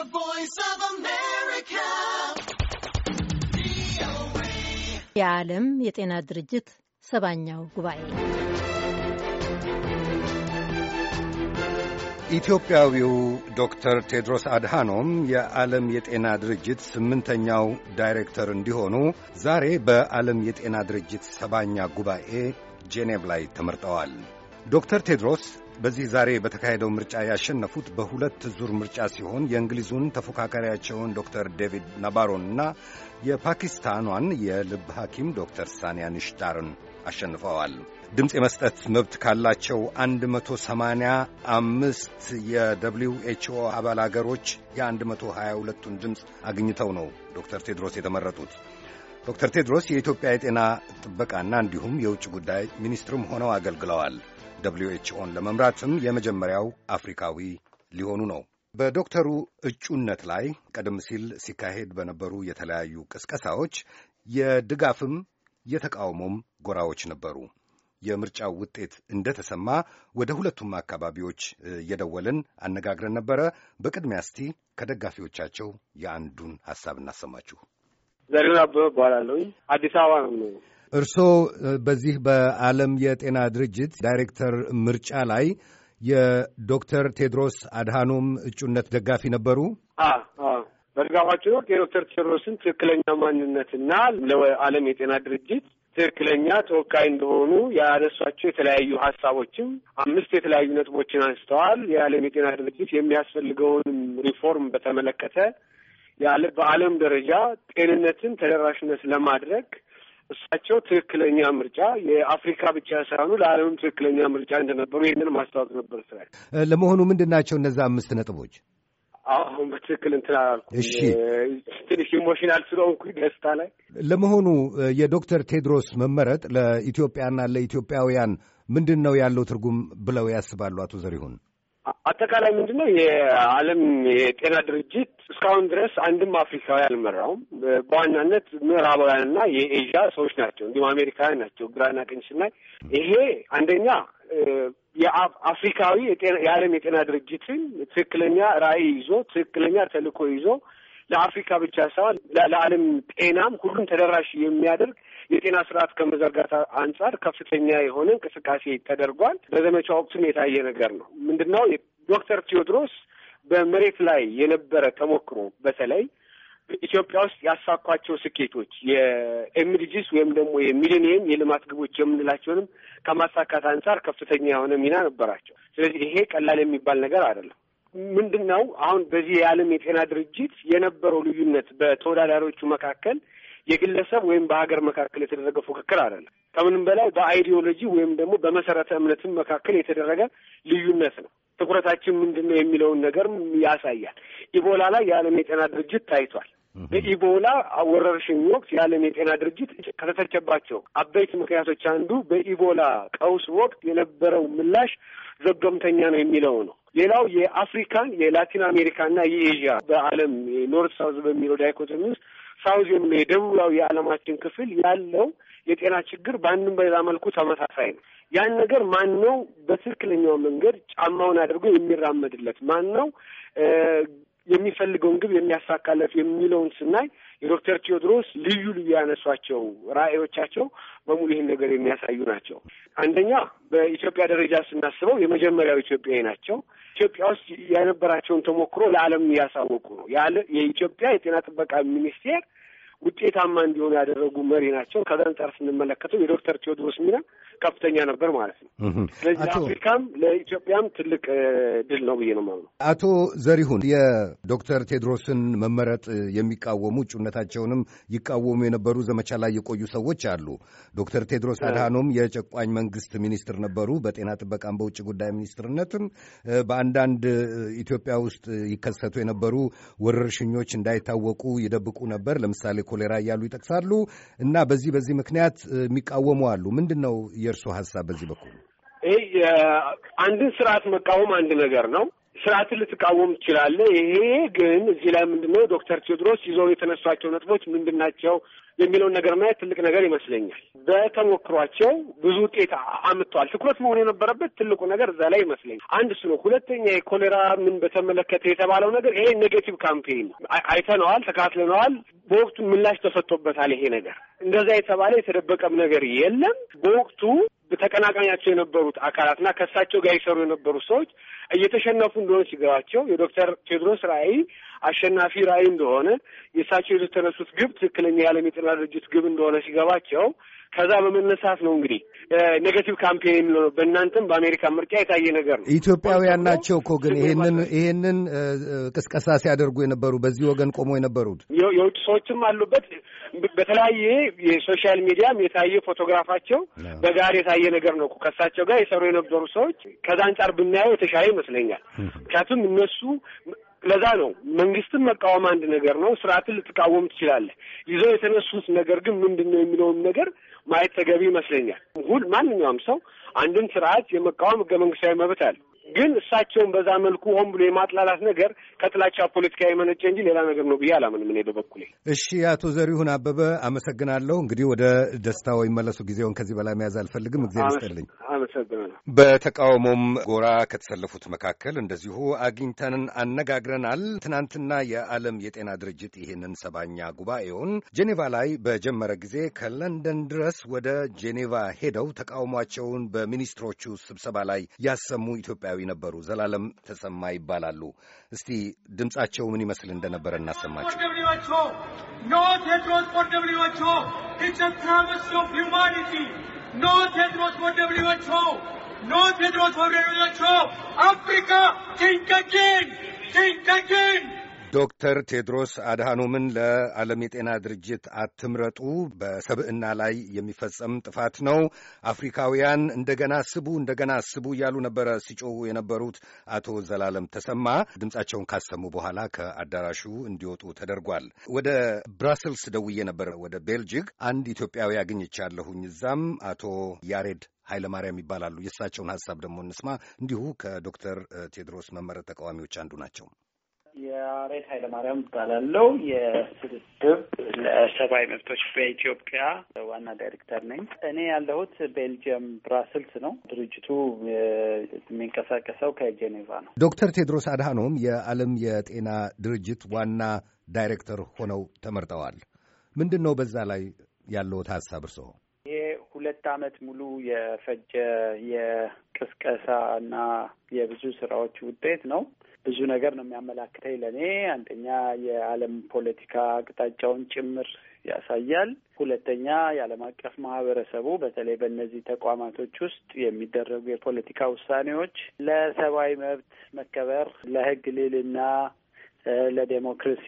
The Voice of America. የዓለም የጤና ድርጅት ሰባኛው ጉባኤ ኢትዮጵያዊው ዶክተር ቴድሮስ አድሃኖም የዓለም የጤና ድርጅት ስምንተኛው ዳይሬክተር እንዲሆኑ ዛሬ በዓለም የጤና ድርጅት ሰባኛ ጉባኤ ጄኔቭ ላይ ተመርጠዋል። ዶክተር ቴድሮስ በዚህ ዛሬ በተካሄደው ምርጫ ያሸነፉት በሁለት ዙር ምርጫ ሲሆን የእንግሊዙን ተፎካካሪያቸውን ዶክተር ዴቪድ ናባሮን እና የፓኪስታኗን የልብ ሐኪም ዶክተር ሳኒያ ንሽዳርን አሸንፈዋል። ድምፅ የመስጠት መብት ካላቸው 185 የደብሊው ኤችኦ አባል አገሮች የ122ቱን ድምፅ አግኝተው ነው ዶክተር ቴድሮስ የተመረጡት። ዶክተር ቴድሮስ የኢትዮጵያ የጤና ጥበቃና እንዲሁም የውጭ ጉዳይ ሚኒስትርም ሆነው አገልግለዋል። ደብልዩ ኤችኦን ለመምራትም የመጀመሪያው አፍሪካዊ ሊሆኑ ነው። በዶክተሩ እጩነት ላይ ቀደም ሲል ሲካሄድ በነበሩ የተለያዩ ቅስቀሳዎች የድጋፍም የተቃውሞም ጎራዎች ነበሩ። የምርጫው ውጤት እንደተሰማ ወደ ሁለቱም አካባቢዎች እየደወልን አነጋግረን ነበረ። በቅድሚያ እስቲ ከደጋፊዎቻቸው የአንዱን ሀሳብ እናሰማችሁ። ዘሪሁን አበበ እባላለሁ። አዲስ አበባ ነው። እርስዎ በዚህ በዓለም የጤና ድርጅት ዳይሬክተር ምርጫ ላይ የዶክተር ቴድሮስ አድሃኖም እጩነት ደጋፊ ነበሩ። በድጋፋቸው ወቅት የዶክተር ቴድሮስን ትክክለኛ ማንነትና ለዓለም የጤና ድርጅት ትክክለኛ ተወካይ እንደሆኑ ያነሷቸው የተለያዩ ሀሳቦችም አምስት የተለያዩ ነጥቦችን አንስተዋል። የዓለም የጤና ድርጅት የሚያስፈልገውን ሪፎርም በተመለከተ በዓለም ደረጃ ጤንነትን ተደራሽነት ለማድረግ እሳቸው ትክክለኛ ምርጫ የአፍሪካ ብቻ ሳይሆኑ ለዓለምም ትክክለኛ ምርጫ እንደነበሩ ይህንን ማስታወቅ ነበር ስራል። ለመሆኑ ምንድን ናቸው እነዛ አምስት ነጥቦች? አሁን በትክክል እንትን እሺ ትንሽ ኢሞሽናል ስለሆንኩ ደስታ ላይ። ለመሆኑ የዶክተር ቴድሮስ መመረጥ ለኢትዮጵያና ለኢትዮጵያውያን ምንድን ነው ያለው ትርጉም ብለው ያስባሉ አቶ ዘሪሁን? አጠቃላይ ምንድን ነው የዓለም የጤና ድርጅት እስካሁን ድረስ አንድም አፍሪካዊ አልመራውም። በዋናነት ምዕራባውያንና የኤዥያ ሰዎች ናቸው፣ እንዲሁም አሜሪካውያን ናቸው። ግራና ቀኝ ስናይ ይሄ አንደኛ የአፍሪካዊ የዓለም የጤና ድርጅትን ትክክለኛ ራዕይ ይዞ ትክክለኛ ተልዕኮ ይዞ ለአፍሪካ ብቻ ሳይሆን ለዓለም ጤናም ሁሉም ተደራሽ የሚያደርግ የጤና ስርዓት ከመዘርጋት አንጻር ከፍተኛ የሆነ እንቅስቃሴ ተደርጓል። በዘመቻ ወቅቱም የታየ ነገር ነው። ምንድነው ዶክተር ቴዎድሮስ በመሬት ላይ የነበረ ተሞክሮ በተለይ ኢትዮጵያ ውስጥ ያሳኳቸው ስኬቶች የኤምዲጂስ ወይም ደግሞ የሚሊኒየም የልማት ግቦች የምንላቸውንም ከማሳካት አንጻር ከፍተኛ የሆነ ሚና ነበራቸው። ስለዚህ ይሄ ቀላል የሚባል ነገር አይደለም። ምንድን ነው አሁን በዚህ የዓለም የጤና ድርጅት የነበረው ልዩነት በተወዳዳሪዎቹ መካከል የግለሰብ ወይም በሀገር መካከል የተደረገ ፉክክር አይደለም። ከምንም በላይ በአይዲዮሎጂ ወይም ደግሞ በመሰረተ እምነትም መካከል የተደረገ ልዩነት ነው። ትኩረታችን ምንድን ነው የሚለውን ነገር ያሳያል። ኢቦላ ላይ የዓለም የጤና ድርጅት ታይቷል። በኢቦላ ወረርሽኝ ወቅት የዓለም የጤና ድርጅት ከተተቸባቸው አበይት ምክንያቶች አንዱ በኢቦላ ቀውስ ወቅት የነበረው ምላሽ ዘገምተኛ ነው የሚለው ነው። ሌላው የአፍሪካን የላቲን አሜሪካና የኤዥያ በዓለም ኖርት ሳውዝ በሚለው ዳይኮቶሚ ውስጥ ሳውዝ የምለው የደቡባዊ የዓለማችን ክፍል ያለው የጤና ችግር በአንድም በሌላ መልኩ ተመሳሳይ ነው። ያን ነገር ማን ነው በትክክለኛው መንገድ ጫማውን አድርጎ የሚራመድለት? ማን ነው የሚፈልገውን ግብ የሚያሳካለት የሚለውን ስናይ የዶክተር ቴዎድሮስ ልዩ ልዩ ያነሷቸው ራዕዮቻቸው በሙሉ ይህን ነገር የሚያሳዩ ናቸው። አንደኛ በኢትዮጵያ ደረጃ ስናስበው የመጀመሪያው ኢትዮጵያዊ ናቸው። ኢትዮጵያ ውስጥ የነበራቸውን ተሞክሮ ለዓለም እያሳወቁ ነው። የኢትዮጵያ የጤና ጥበቃ ሚኒስቴር ውጤታማ እንዲሆኑ ያደረጉ መሪ ናቸው። ከዛ አንጻር ስንመለከተው የዶክተር ቴዎድሮስ ሚና ከፍተኛ ነበር ማለት ነው። ስለዚህ ለአፍሪካም ለኢትዮጵያም ትልቅ ድል ነው ብዬ ነው የማምነው። አቶ ዘሪሁን የዶክተር ቴዎድሮስን መመረጥ የሚቃወሙ እጩነታቸውንም ይቃወሙ የነበሩ ዘመቻ ላይ የቆዩ ሰዎች አሉ። ዶክተር ቴድሮስ አድሃኖም የጨቋኝ መንግስት ሚኒስትር ነበሩ። በጤና ጥበቃም በውጭ ጉዳይ ሚኒስትርነትም በአንዳንድ ኢትዮጵያ ውስጥ ይከሰቱ የነበሩ ወረርሽኞች እንዳይታወቁ ይደብቁ ነበር። ለምሳሌ ኮሌራ እያሉ ይጠቅሳሉ። እና በዚህ በዚህ ምክንያት የሚቃወሙ አሉ። ምንድን ነው የእርሶ ሀሳብ በዚህ በኩል? ይህ አንድን ስርዓት መቃወም አንድ ነገር ነው። ስርዓትን ልትቃወም ትችላለህ። ይሄ ግን እዚህ ላይ ምንድነው ዶክተር ቴዎድሮስ ይዘው የተነሷቸው ነጥቦች ምንድን ናቸው የሚለውን ነገር ማየት ትልቅ ነገር ይመስለኛል። በተሞክሯቸው ብዙ ውጤት አምጥተዋል። ትኩረት መሆን የነበረበት ትልቁ ነገር እዛ ላይ ይመስለኛል። አንድ እሱ ነው። ሁለተኛ የኮሌራ ምን በተመለከተ የተባለው ነገር ይሄ ኔጌቲቭ ካምፔን አይተነዋል፣ ተካትለነዋል። በወቅቱ ምላሽ ተሰጥቶበታል። ይሄ ነገር እንደዛ የተባለ የተደበቀም ነገር የለም በወቅቱ ተቀናቃኛቸው የነበሩት አካላትና ከእሳቸው ጋር የሰሩ የነበሩት ሰዎች እየተሸነፉ እንደሆነ ሲገባቸው የዶክተር ቴድሮስ ራዕይ አሸናፊ ራዕይ እንደሆነ የእሳቸው የተነሱት ግብ ትክክለኛ የዓለም የጤና ድርጅት ግብ እንደሆነ ሲገባቸው ከዛ በመነሳት ነው እንግዲህ ኔጋቲቭ ካምፔን የሚለው ነው። በእናንተም በአሜሪካ ምርጫ የታየ ነገር ነው። ኢትዮጵያውያን ናቸው እኮ ግን ይሄንን ይሄንን ቅስቀሳ ሲያደርጉ የነበሩ በዚህ ወገን ቆሞ የነበሩት የውጭ ሰዎችም አሉበት። በተለያየ የሶሻል ሚዲያም የታየ ፎቶግራፋቸው በጋር የታየ ነገር ነው። ከእሳቸው ጋር የሰሩ የነበሩ ሰዎች ከዛ አንጻር ብናየው የተሻለ ይመስለኛል። ምክንያቱም እነሱ ለዛ ነው መንግስትን መቃወም አንድ ነገር ነው። ስርዓትን ልትቃወም ትችላለህ። ይዘው የተነሱት ነገር ግን ምንድን ነው የሚለውን ነገር ማየት ተገቢ ይመስለኛል። ሁል ማንኛውም ሰው አንድን ስርዓት የመቃወም ህገ መንግስታዊ መብት አለ። ግን እሳቸውን በዛ መልኩ ሆን ብሎ የማጥላላት ነገር ከጥላቻ ፖለቲካ የመነጨ እንጂ ሌላ ነገር ነው ብዬ አላምንም እኔ በበኩሌ። እሺ፣ አቶ ዘሪሁን አበበ አመሰግናለሁ። እንግዲህ ወደ ደስታው ይመለሱ። ጊዜውን ከዚህ በላይ መያዝ አልፈልግም። እግዚአብሔር ይስጥልኝ። አመሰግናለሁ። በተቃውሞም ጎራ ከተሰለፉት መካከል እንደዚሁ አግኝተንን አነጋግረናል። ትናንትና የዓለም የጤና ድርጅት ይህንን ሰባኛ ጉባኤውን ጄኔቫ ላይ በጀመረ ጊዜ ከለንደን ድረስ ወደ ጄኔቫ ሄደው ተቃውሟቸውን በሚኒስትሮቹ ስብሰባ ላይ ያሰሙ ኢትዮጵያዊ ነበሩ። ዘላለም ተሰማ ይባላሉ። እስቲ ድምፃቸው ምን ይመስል እንደነበረ እናሰማቸው። ኖ ቴድሮስ ፎር ኢትስ አ ኦፍ ሁማኒቲ No Hedros for WHO. No Hedros for WHO. Africa, think again. Think again. ዶክተር ቴድሮስ አድሃኖምን ለዓለም የጤና ድርጅት አትምረጡ፣ በሰብዕና ላይ የሚፈጸም ጥፋት ነው፣ አፍሪካውያን እንደገና ስቡ እንደገና ስቡ እያሉ ነበረ ሲጮሁ የነበሩት አቶ ዘላለም ተሰማ ድምፃቸውን ካሰሙ በኋላ ከአዳራሹ እንዲወጡ ተደርጓል። ወደ ብራስልስ ደውዬ ነበረ ወደ ቤልጂክ አንድ ኢትዮጵያዊ አግኝቻለሁኝ። እዛም አቶ ያሬድ ኃይለማርያም ይባላሉ። የእሳቸውን ሀሳብ ደግሞ እንስማ። እንዲሁ ከዶክተር ቴድሮስ መመረጥ ተቃዋሚዎች አንዱ ናቸው። የአሬት ኃይለማርያም እባላለሁ። የስብስብ ለሰብአዊ መብቶች በኢትዮጵያ ዋና ዳይሬክተር ነኝ። እኔ ያለሁት ቤልጅየም ብራስልስ ነው። ድርጅቱ የሚንቀሳቀሰው ከጄኔቫ ነው። ዶክተር ቴድሮስ አድሃኖም የዓለም የጤና ድርጅት ዋና ዳይሬክተር ሆነው ተመርጠዋል። ምንድን ነው በዛ ላይ ያለውት ሀሳብ እርስዎ? ይሄ ሁለት አመት ሙሉ የፈጀ የቅስቀሳ እና የብዙ ስራዎች ውጤት ነው። ብዙ ነገር ነው የሚያመላክተኝ። ለእኔ አንደኛ የዓለም ፖለቲካ አቅጣጫውን ጭምር ያሳያል። ሁለተኛ የዓለም አቀፍ ማህበረሰቡ በተለይ በእነዚህ ተቋማቶች ውስጥ የሚደረጉ የፖለቲካ ውሳኔዎች ለሰብአዊ መብት መከበር፣ ለህግ ልዕልና ለዴሞክራሲ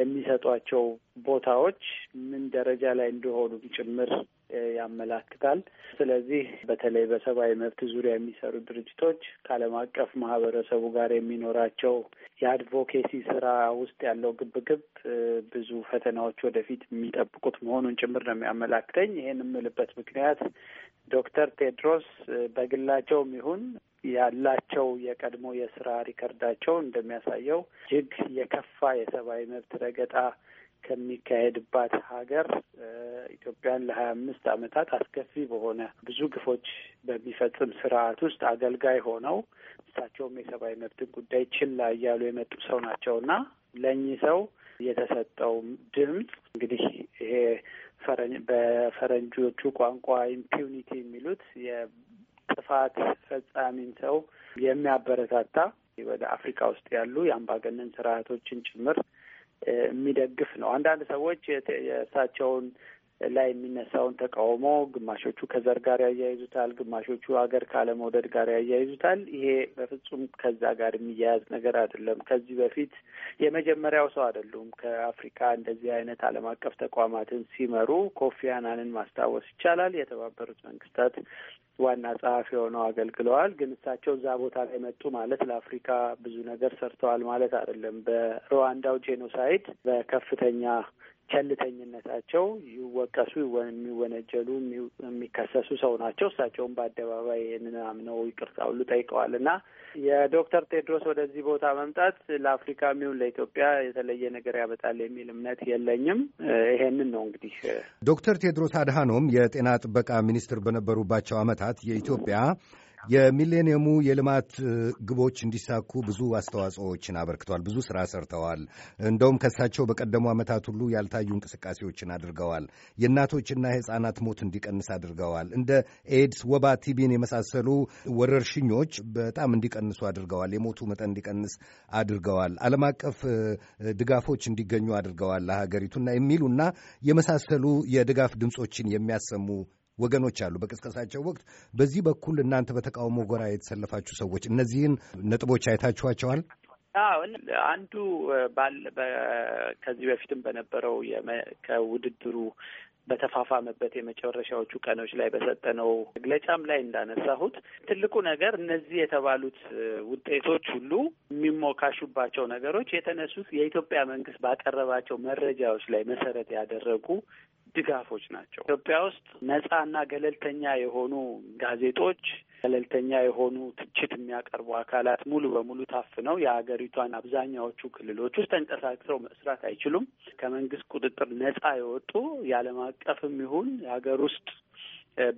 የሚሰጧቸው ቦታዎች ምን ደረጃ ላይ እንደሆኑ ጭምር ያመላክታል። ስለዚህ በተለይ በሰብአዊ መብት ዙሪያ የሚሰሩ ድርጅቶች ከዓለም አቀፍ ማህበረሰቡ ጋር የሚኖራቸው የአድቮኬሲ ስራ ውስጥ ያለው ግብግብ ብዙ ፈተናዎች ወደፊት የሚጠብቁት መሆኑን ጭምር ነው የሚያመላክተኝ። ይህን የምልበት ምክንያት ዶክተር ቴድሮስ በግላቸውም ይሁን ያላቸው የቀድሞ የስራ ሪከርዳቸው እንደሚያሳየው እጅግ የከፋ የሰብአዊ መብት ረገጣ ከሚካሄድባት ሀገር ኢትዮጵያን ለሀያ አምስት ዓመታት አስከፊ በሆነ ብዙ ግፎች በሚፈጽም ስርዓት ውስጥ አገልጋይ ሆነው እሳቸውም የሰብአዊ መብትን ጉዳይ ችላ እያሉ የመጡ ሰው ናቸው እና ለእኚህ ሰው የተሰጠው ድምፅ እንግዲህ ይሄ በፈረንጆቹ ቋንቋ ኢምፒዩኒቲ የሚሉት የጥፋት ፈጻሚን ሰው የሚያበረታታ ወደ አፍሪካ ውስጥ ያሉ የአምባገነን ስርዓቶችን ጭምር የሚደግፍ ነው። አንዳንድ ሰዎች የእሳቸውን ላይ የሚነሳውን ተቃውሞ ግማሾቹ ከዘር ጋር ያያይዙታል፣ ግማሾቹ አገር ካለመውደድ ጋር ያያይዙታል። ይሄ በፍጹም ከዛ ጋር የሚያያዝ ነገር አይደለም። ከዚህ በፊት የመጀመሪያው ሰው አይደሉም። ከአፍሪካ እንደዚህ አይነት ዓለም አቀፍ ተቋማትን ሲመሩ ኮፊ አናንን ማስታወስ ይቻላል። የተባበሩት መንግስታት ዋና ጸሐፊ ሆነው አገልግለዋል። ግን እሳቸው እዛ ቦታ ላይ መጡ ማለት ለአፍሪካ ብዙ ነገር ሰርተዋል ማለት አይደለም። በሩዋንዳው ጄኖሳይድ በከፍተኛ ቸልተኝነታቸው ይወቀሱ፣ የሚወነጀሉ፣ የሚከሰሱ ሰው ናቸው። እሳቸውም በአደባባይ ይህንን አምነው ይቅርታ ሁሉ ጠይቀዋል እና የዶክተር ቴድሮስ ወደዚህ ቦታ መምጣት ለአፍሪካ የሚሆን ለኢትዮጵያ የተለየ ነገር ያመጣል የሚል እምነት የለኝም። ይሄንን ነው እንግዲህ ዶክተር ቴድሮስ አድሃኖም የጤና ጥበቃ ሚኒስትር በነበሩባቸው ዓመታት የኢትዮጵያ የሚሌኒየሙ የልማት ግቦች እንዲሳኩ ብዙ አስተዋጽኦዎችን አበርክተዋል። ብዙ ስራ ሰርተዋል። እንደውም ከሳቸው በቀደሙ ዓመታት ሁሉ ያልታዩ እንቅስቃሴዎችን አድርገዋል። የእናቶችና የሕፃናት ሞት እንዲቀንስ አድርገዋል። እንደ ኤድስ፣ ወባ፣ ቲቢን የመሳሰሉ ወረርሽኞች በጣም እንዲቀንሱ አድርገዋል። የሞቱ መጠን እንዲቀንስ አድርገዋል። ዓለም አቀፍ ድጋፎች እንዲገኙ አድርገዋል ለሀገሪቱና የሚሉና የመሳሰሉ የድጋፍ ድምፆችን የሚያሰሙ ወገኖች አሉ በቅስቀሳቸው ወቅት በዚህ በኩል እናንተ በተቃውሞ ጎራ የተሰለፋችሁ ሰዎች እነዚህን ነጥቦች አይታችኋቸዋል? አንዱ ከዚህ በፊትም በነበረው ከውድድሩ በተፋፋመበት የመጨረሻዎቹ ቀኖች ላይ በሰጠነው መግለጫም ላይ እንዳነሳሁት ትልቁ ነገር እነዚህ የተባሉት ውጤቶች ሁሉ የሚሞካሹባቸው ነገሮች የተነሱት የኢትዮጵያ መንግስት ባቀረባቸው መረጃዎች ላይ መሰረት ያደረጉ ድጋፎች ናቸው። ኢትዮጵያ ውስጥ ነጻና ገለልተኛ የሆኑ ጋዜጦች፣ ገለልተኛ የሆኑ ትችት የሚያቀርቡ አካላት ሙሉ በሙሉ ታፍነው የሀገሪቷን አብዛኛዎቹ ክልሎች ውስጥ ተንቀሳቅሰው መስራት አይችሉም። ከመንግስት ቁጥጥር ነጻ የወጡ የዓለም አቀፍም ይሁን የሀገር ውስጥ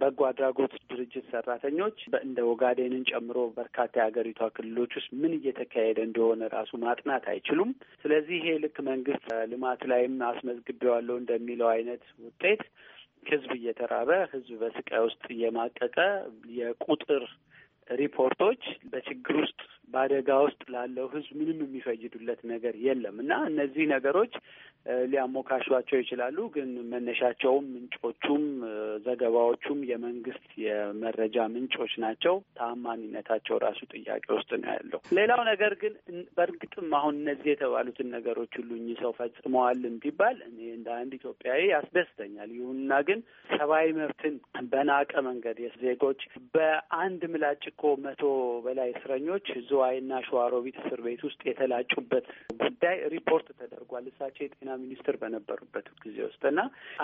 በጎ አድራጎት ድርጅት ሰራተኞች እንደ ኦጋዴንን ጨምሮ በርካታ የሀገሪቷ ክልሎች ውስጥ ምን እየተካሄደ እንደሆነ ራሱ ማጥናት አይችሉም። ስለዚህ ይሄ ልክ መንግስት ልማት ላይም አስመዝግቤዋለሁ እንደሚለው አይነት ውጤት ህዝብ እየተራበ ህዝብ በስቃይ ውስጥ እየማቀቀ የቁጥር ሪፖርቶች በችግር ውስጥ በአደጋ ውስጥ ላለው ህዝብ ምንም የሚፈይዱለት ነገር የለም እና እነዚህ ነገሮች ሊያሞካሿቸው ይችላሉ። ግን መነሻቸውም ምንጮቹም ዘገባዎቹም የመንግስት የመረጃ ምንጮች ናቸው። ታማኒነታቸው ራሱ ጥያቄ ውስጥ ነው ያለው። ሌላው ነገር ግን በእርግጥም አሁን እነዚህ የተባሉትን ነገሮች ሁሉ እኚህ ሰው ፈጽመዋል ቢባል እኔ እንደ አንድ ኢትዮጵያዊ ያስደስተኛል። ይሁንና ግን ሰብአዊ መብትን በናቀ መንገድ ዜጎች በአንድ ምላጭ እኮ መቶ በላይ እስረኞች ዝዋይና ሸዋሮቢት እስር ቤት ውስጥ የተላጩበት ጉዳይ ሪፖርት ተደርጓል። እሳቸው የጤና ሚኒስትር በነበሩበት ጊዜ ውስጥ እና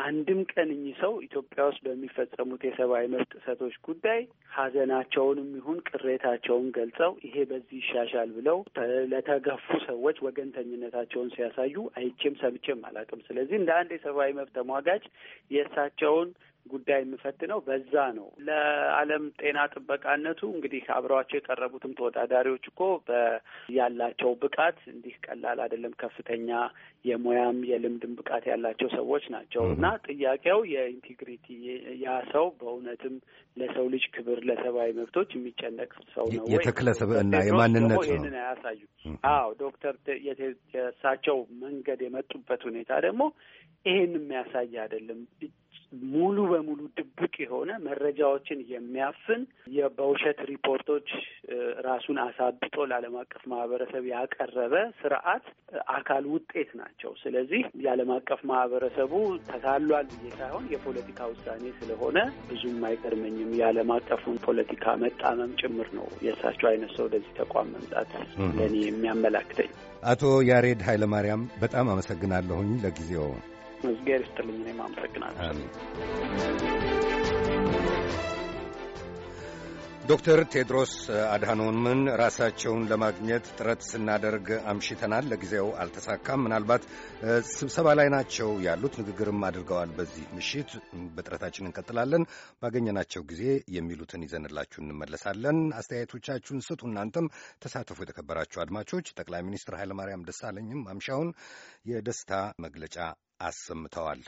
አንድም ቀን እኚህ ሰው ኢትዮጵያ ውስጥ በሚፈጸሙት የሰብአዊ መብት ጥሰቶች ጉዳይ ሀዘናቸውንም ይሁን ቅሬታቸውን ገልጸው ይሄ በዚህ ይሻሻል ብለው ለተገፉ ሰዎች ወገንተኝነታቸውን ሲያሳዩ አይቼም ሰምቼም አላውቅም። ስለዚህ እንደ አንድ የሰብአዊ መብት ተሟጋች የእሳቸውን ጉዳይ የምፈትነው በዛ ነው። ለዓለም ጤና ጥበቃነቱ እንግዲህ አብረዋቸው የቀረቡትም ተወዳዳሪዎች እኮ ያላቸው ብቃት እንዲህ ቀላል አይደለም። ከፍተኛ የሙያም የልምድም ብቃት ያላቸው ሰዎች ናቸው እና ጥያቄው የኢንቴግሪቲ ያ ሰው በእውነትም ለሰው ልጅ ክብር፣ ለሰብአዊ መብቶች የሚጨነቅ ሰው ነው የተክለ የማንነት ነው አያሳዩ። አዎ ዶክተር የእሳቸው መንገድ የመጡበት ሁኔታ ደግሞ ይሄን የሚያሳይ አይደለም። ሙሉ በሙሉ ድብቅ የሆነ መረጃዎችን የሚያፍን በውሸት ሪፖርቶች ራሱን አሳብጦ ለዓለም አቀፍ ማህበረሰብ ያቀረበ ስርዓት አካል ውጤት ናቸው። ስለዚህ የዓለም አቀፍ ማህበረሰቡ ተሳሏል ብዬ ሳይሆን የፖለቲካ ውሳኔ ስለሆነ ብዙም አይገርመኝም። የዓለም አቀፉን ፖለቲካ መጣመም ጭምር ነው የእሳቸው አይነት ሰው ወደዚህ ተቋም መምጣት ለእኔ የሚያመላክተኝ። አቶ ያሬድ ኃይለማርያም በጣም አመሰግናለሁኝ ለጊዜው እግዚአብሔር ይስጥልኝ። እኔም አመሰግናለሁ። ዶክተር ቴድሮስ አድሃኖምን ራሳቸውን ለማግኘት ጥረት ስናደርግ አምሽተናል። ለጊዜው አልተሳካም። ምናልባት ስብሰባ ላይ ናቸው ያሉት ንግግርም አድርገዋል። በዚህ ምሽት በጥረታችን እንቀጥላለን። ባገኘናቸው ጊዜ የሚሉትን ይዘንላችሁ እንመለሳለን። አስተያየቶቻችሁን ስጡ። እናንተም ተሳተፉ። የተከበራችሁ አድማቾች ጠቅላይ ሚኒስትር ኃይለማርያም ደሳለኝም ማምሻውን የደስታ መግለጫ አሰምተዋል።